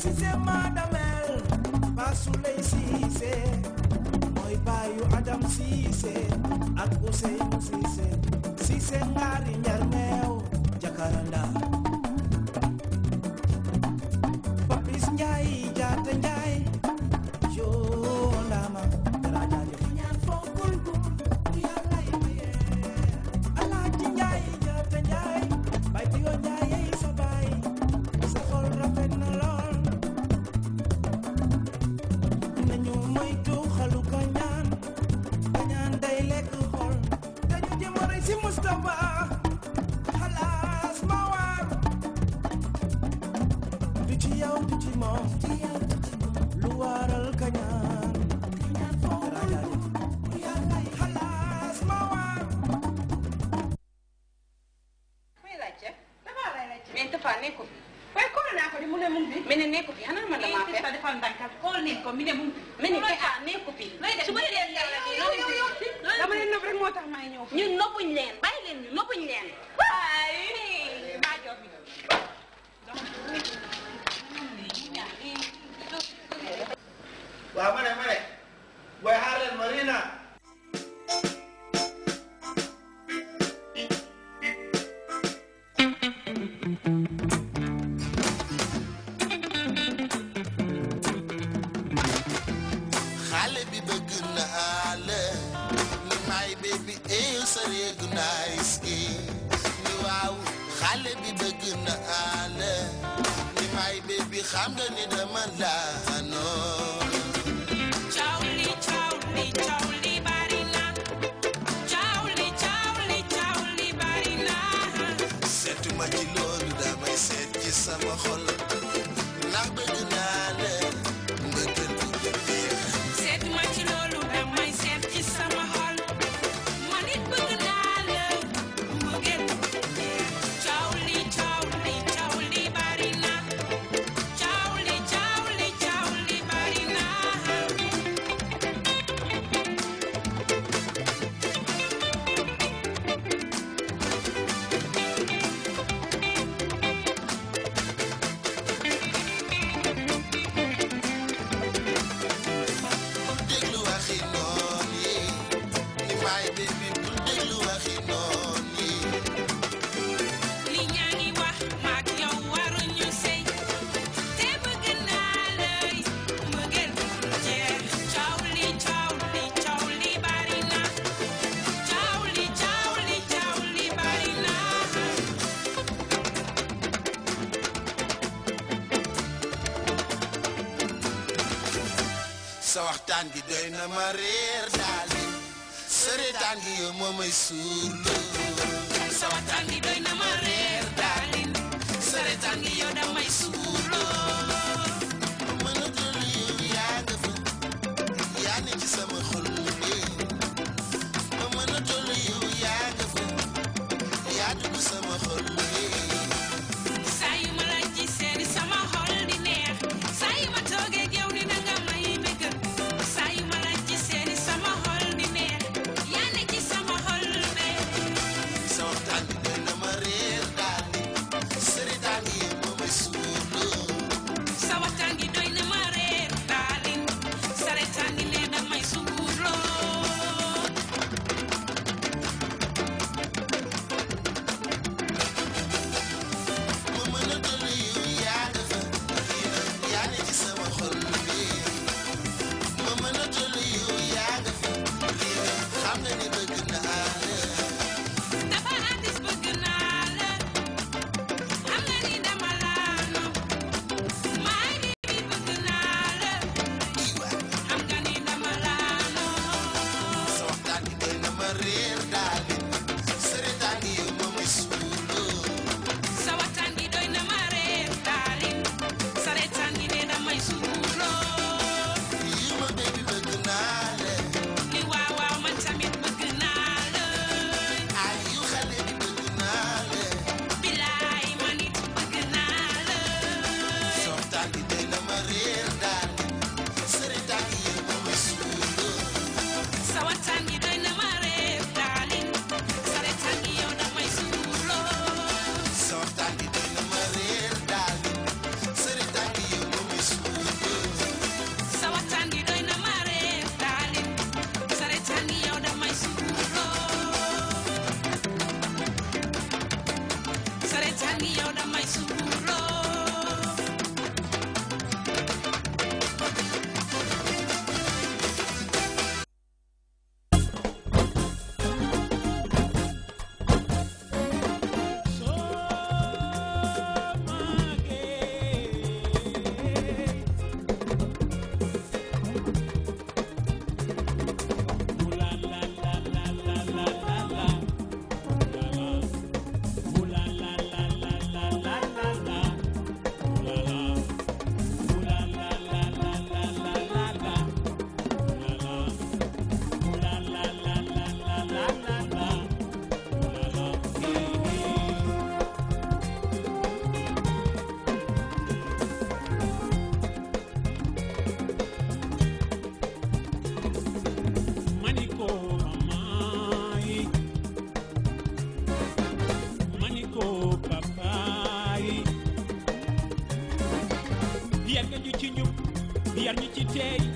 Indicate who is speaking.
Speaker 1: Cissé madamel Basouley Cissé mooy baayu Adam Cissé ak Ousseynou Cissé Cissé ngaari njarmeew mi ne nekku fi xanaa man damaa fekk. defal ndànk xool nañ ko mi ne mu. mi ne ah nekku fi. su ma leen delloo dama leen nopp rek moo tax may ñëw. ñun noppuñ leen bàyyi leen ñu noppuñ leen. waaw ma ne ma ne booy xaar leen Marina. Mm-hmm. nice is ni waaw xale bi bëgg na àlla ni may baby xam nga ni dama laanoo seetuma ci loolu damay seet ci sama xol sa waxtaan gi doy na ma réer daali sa reetaan gi yow moo may suulu sa waxtaan gi doy na ma réer sa ma mënatul Yes. Yeah.